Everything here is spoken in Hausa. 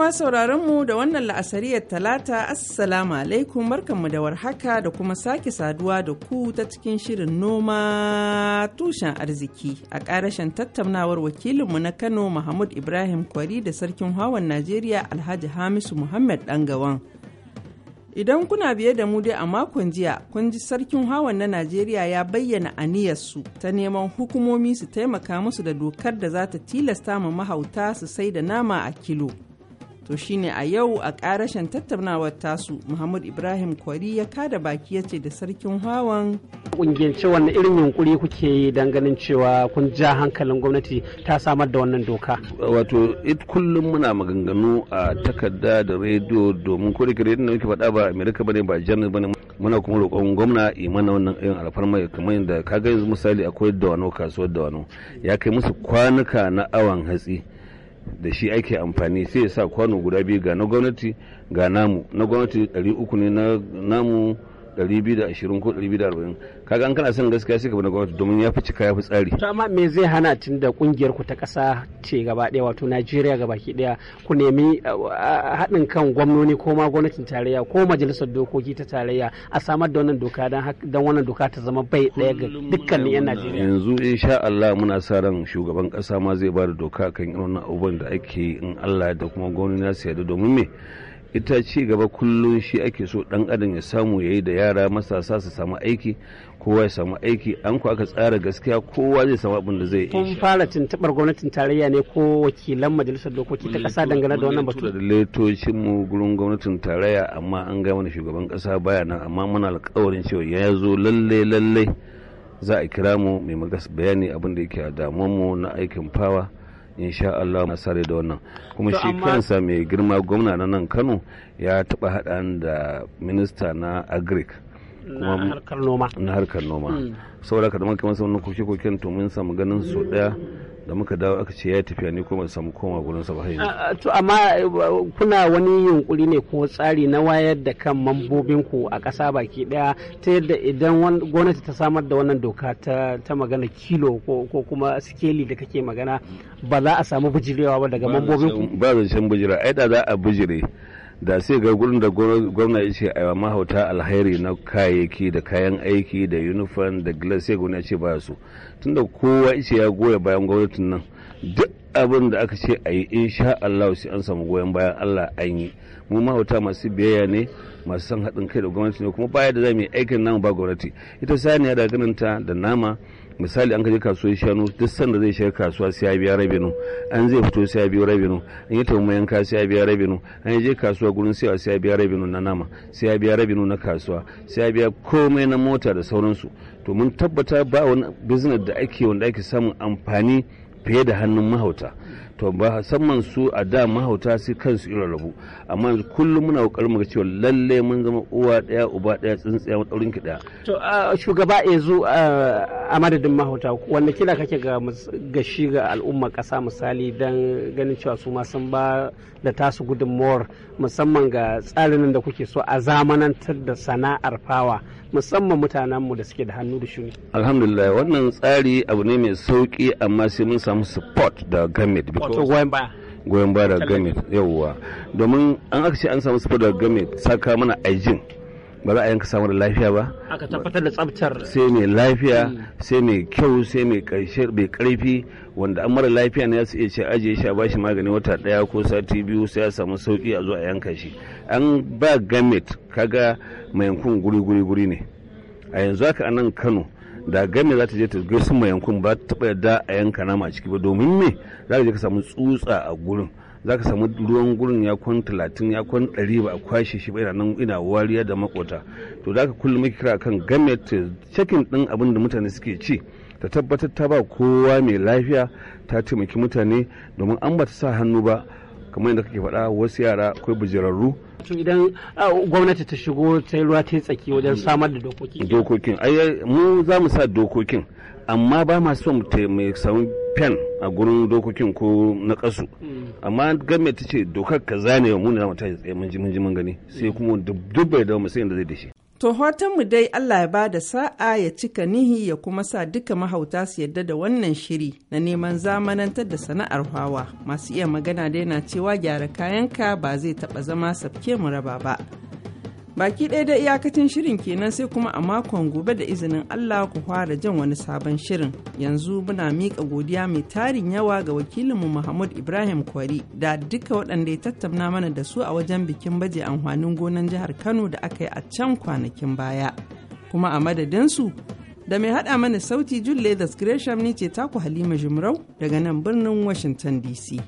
ma sauraron mu da wannan la'asariyar talata assalamu alaikum barkanmu da warhaka da kuma sake saduwa da ku ta cikin shirin noma tushen arziki a karashen tattaunawar wakilinmu na kano mahmud ibrahim kwari da sarkin hawan najeriya alhaji hamisu muhammad dangawan idan kuna biye da mu dai a makon jiya kun ji sarkin hawan na najeriya ya bayyana aniyarsu ta neman hukumomi su taimaka musu da dokar da za ta tilasta ma mahauta su sai da nama a kilo to shine a yau a karashen tattaunawar tasu muhammad ibrahim kwari ya kada baki ya ce da sarkin hawan kungiyance wannan irin yunkuri kuke yi ganin cewa kun ja hankalin gwamnati ta samar da wannan doka wato it kullum muna maganganu a takarda da rediyo domin ko da da muke faɗa ba amerika bane ba jamus bane muna kuma roƙon gwamna imana wannan irin alfarma kamar yadda kaga yanzu misali akwai dawano kasuwar dawano ya kai musu kwanuka na awan hatsi da shi ake amfani sai ya sa kwano guda biyu ga na gwamnati ga namu na gwamnati 300 ne na namu 220 ko 240 kaga an kana son gaskiya sai ka gwamnati domin ya fi cika ya fi tsari to amma me zai hana tun da kungiyar ku ta kasa ce gaba daya wato Najeriya gaba ki daya ku nemi haɗin kan gwamnoni ko ma gwamnatin tarayya ko majalisar dokoki ta tarayya a samar da wannan doka dan wannan doka ta zama bai daya ga dukkanin yan Najeriya yanzu insha Allah muna sa ran shugaban kasa ma zai ba da doka kan irin wannan abubuwan da ake in Allah da kuma gwamnati na yarda domin me ita ci gaba kullum shi ake so dan adam ya samu ya yi da yara masasa su samu aiki kowa ya samu aiki an ku aka tsara gaskiya kowa zai samu abin da zai kun fara tuntubar gwamnatin tarayya ne ko wakilan majalisar dokoki ta kasa dangane da wannan batu da letocin mu gurin gwamnatin tarayya amma an ga mana shugaban kasa baya nan amma muna alƙawarin cewa ya zo lalle lalle za a kira mu mai bayani abin da yake a damuwar mu na aikin fawa insha Allah na sare da wannan kuma shi kansa mai girma gwamna na nan Kano ya taba haɗa da minista na agric na harkar noma na harkar noma hmm. saboda ka da kamar sauran koke koken to mun samu ganin su daya da muka dawo aka ce ya tafiya ni kuma samu koma gurin sa ba to amma eh, kuna wani yunkuri ne ko tsari na wayar da kan mambobin ku a ƙasa baki daya ta yadda idan gwamnati ta samar da wannan doka ta ta magana kilo ko kuma sikeli da kake magana ba za a samu bujirewa ba daga mambobin ku ba zan san bujira ai da za a bijire da sai ga gurin da gwamna ya ce a mahauta alheri na kayayyaki da kayan aiki da uniform da glass sai gwamna ya ce ba su tunda kowa ya ce ya goya bayan gwamnatin nan duk abin da aka ce a yi insha Allah sai an samu goyon bayan Allah an yi mu mahauta masu biyayya ne masu san haɗin kai da gwamnati ne kuma baya da za mu yi aikin namu ba gwamnati ita saniya da ganinta da nama misali an je kasuwar shanu duk sanda zai shiga kasuwa sai ya biya rabinu an zai fito sai ya biya rabinu an yi tamu yanka sai ya biya rabinu an je kasuwa gurin sai ya biya rabinu na nama sai ya biya rabinu na kasuwa sai ya biya komai na mota da sauransu to mun tabbata ba wani business da ake wanda ake samun amfani fiye da hannun mahauta to ba musamman su a da mahauta sai kansu irin rabu amma kullum muna mu muga cewa lalle mun zama uwa daya uba daya tsintsiya daurin ki daya to shugaba yanzu a madadin mahauta wanda kila kake ga ga shi ga al'umma kasa misali dan ganin cewa su ma sun ba da tasu gudunmuwar musamman ga tsarin da kuke so a zamanantar da sana'ar fawa musamman mutanenmu da suke da hannu da shuni. Alhamdulillah wannan tsari abu ne mai sauki amma sai mun samu support da government wato goyon baya da gamit domin an aka ce an samu sufa daga gamet saka mana aijin ba za a yanka samun lafiya ba aka tabbatar da tsabtar sai mai lafiya mm. sai mai kyau sai mai karshe mai karfi wanda an mara lafiya ne su iya ce ajiye shi a bashi magani wata daya ko sati biyu sai ya samu sauki a zo a yanka shi an ba gamit kaga mai yankun guri guri guri ne a yanzu haka anan kano da game za ta je ta gaisu mai yankun ba ta taɓa yadda a yanka nama ciki ba domin me za ka je ka samu tsutsa a gurin za ka samu ruwan gurin ya kwan talatin ya kwan ɗari ba a kwashe shi ba nan ina wariya da makota to za ka kullum ka kira kan game ta cikin ɗin abin da mutane suke ci ta tabbatar ta ba kowa mai lafiya ta taimaki mutane domin an ba ta sa hannu ba kamar yadda kake faɗa wasu yara akwai bujerarru idan gwamnati ta shigo ta yi ruwa ta yi tsaki wajen samar da dokokin. dokokin mu za mu sa dokokin amma ba ma son mu samun pen a gurin dokokin ko na kasu hmm. amma gwamnati ta ce dokar kaza ne mu na mata tsaye mun ji mun gani sai hmm. kuma duk da mu sai da zai da shi To mu dai Allah ya ba da sa'a ya cika nihi ya kuma sa duka mahauta su yadda da wannan shiri na neman zamanantar da sana'ar hawa masu iya magana dai na cewa gyara kayanka ba zai taɓa zama sabke mu raba ba. Baki ɗaya da iyakacin shirin kenan sai kuma a makon gobe da izinin Allah ku fara jan wani sabon shirin. Yanzu muna miƙa godiya mai tarin yawa ga wakilinmu Muhammad Ibrahim Kwari da duka waɗanda ya tattauna mana da su a wajen bikin baje amfanin gonan jihar Kano da aka yi a can kwanakin baya. Kuma a madadinsu da mai haɗa mana sauti Julie Gresham ni ce taku Halima Jumrau daga nan birnin Washington DC.